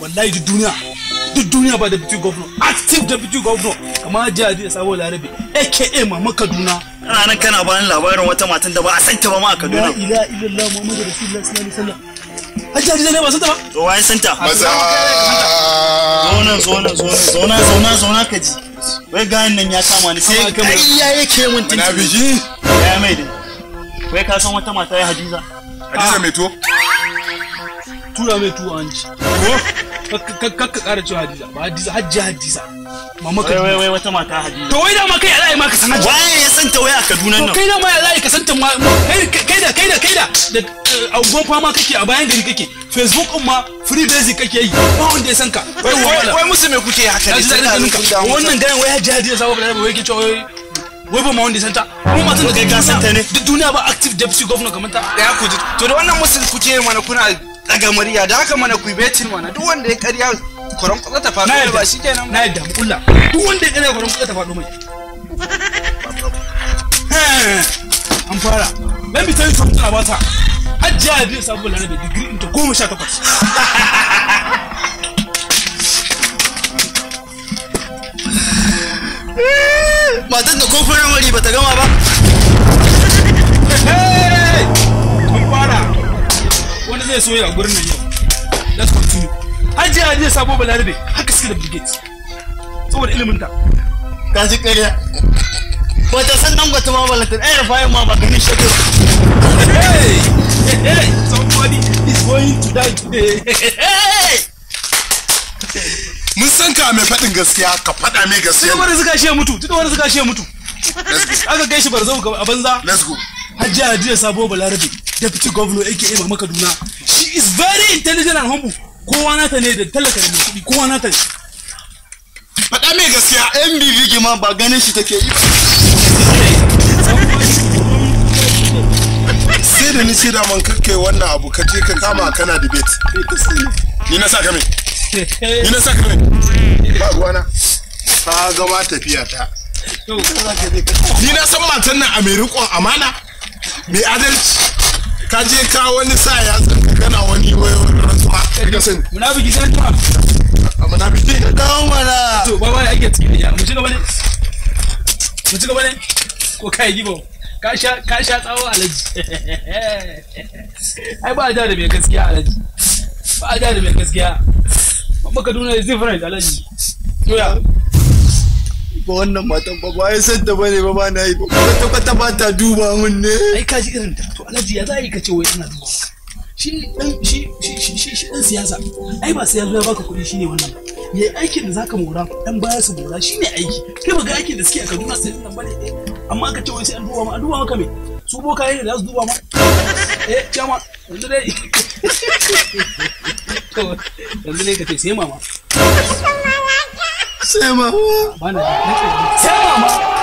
wallahi duk duniya duk duniya ba deputy governor active deputy governor kamar jiya da sabo larabe aka mama kaduna kana nan kana bayan labarin wata matan da ba a santa ba ma a kaduna la ilaha illallah muhammadu rasulullah sallallahu alaihi wasallam hajji hajji ne ba santa ba to wai santa maza zona zona zona zona zona zona kaji wai gayan nan ya kama ni sai ka mai iya yake mun tunani ya mai dai wai ka san wata mata ya hadiza hadiza ah. mai to tura mai tuwa hanci kakka kara cewa hadiza ba hadiza hajji hadiza mama ka wai wai wata mata hadiza to wai da ma kai ya maka sanar waye ya santa waya Kaduna nan to kai da ma ya zai ka santa ma kai da kai da kai da da eh, agogon fama kake a bayan gari kake facebook din ma free basic kake yi ba wanda ya san ka wai wai musu me kuke haka ne sai wannan gayan wai hajji hadiza sabo da wai ke cewa wai ba ma wanda ya santa mu matan da kai ka santa ne duk duniya ba active deputy governor kamar ta da ya kuji to da wannan musu kuke mana kuna daga murya da haka mana ku betin mana duk wanda ya karya koran kwatsa ta faɗo ba shi kenan na yadda kulla duk wanda ya karya koran kwatsa ta faɗo mai an fara dan bitan su tana ba ta hajjiya biyu sabuwar da digiri ɗinta goma sha takwas matan da kofin ramari ba ta gama ba zai ya gurin nan yau let's continue hajji hajji sabo balarabe haka suke da brigade saboda ilimin ta Ka ji ƙarya ba ta san nan gwata ma balatar eh, ai rafayin ma ba ganin shagar hey hey somebody is going to die today mun san ka mai faɗin gaskiya ka faɗa mai gaskiya tuka wani suka shi mutu tuka wani suka shi mutu aka gaishe barzau a banza let's go hajji hajji sabo balarabe deputy governor aka mama kaduna she is very intelligent and humble kowa nata ne da talaka da mai kowa nata ne faɗa mai gaskiya mbv gima ba ganin shi take yi sai da ni ce da man kakkai wannan abu ka je ka kama kana debate ni na sa ka mai ni na sa ka mai ba ruwana ta gama tafiya ta ni na san matan nan a mai riƙon amana mai adalci ka je ka wani sa ya tsanka kana wani wayoyin rantsuwa ka sani munafiki sai kuma a munafiki ka dawo mana to ba wai ake tsini ya mu ci gaba ne mu ci gaba ne ko kai gibo ka sha ka sha tsawo alaji ai ba da da mai gaskiya alaji ba da da mai gaskiya ba kaduna is different alaji to ba wannan matan ba ba ya san da bane ba ba na yi ba kwata kwata ba ta duba mun ne ai ka ji irin ta to alhaji ya za a yi ka ce wai ina duba shi dan shi shi shi shi dan siyasa ai ba sai ya zo ya baka kuɗi shine wannan yayi aikin da zaka mora dan baya su mora shine aiki kai ba aikin da suke a Kaduna sai nan bane eh, amma ka ce wai sai an duba ma an duba maka me su boka ne za su duba ma eh chama yanzu dai yanzu dai ka ce sai mama Say mama. Say mama.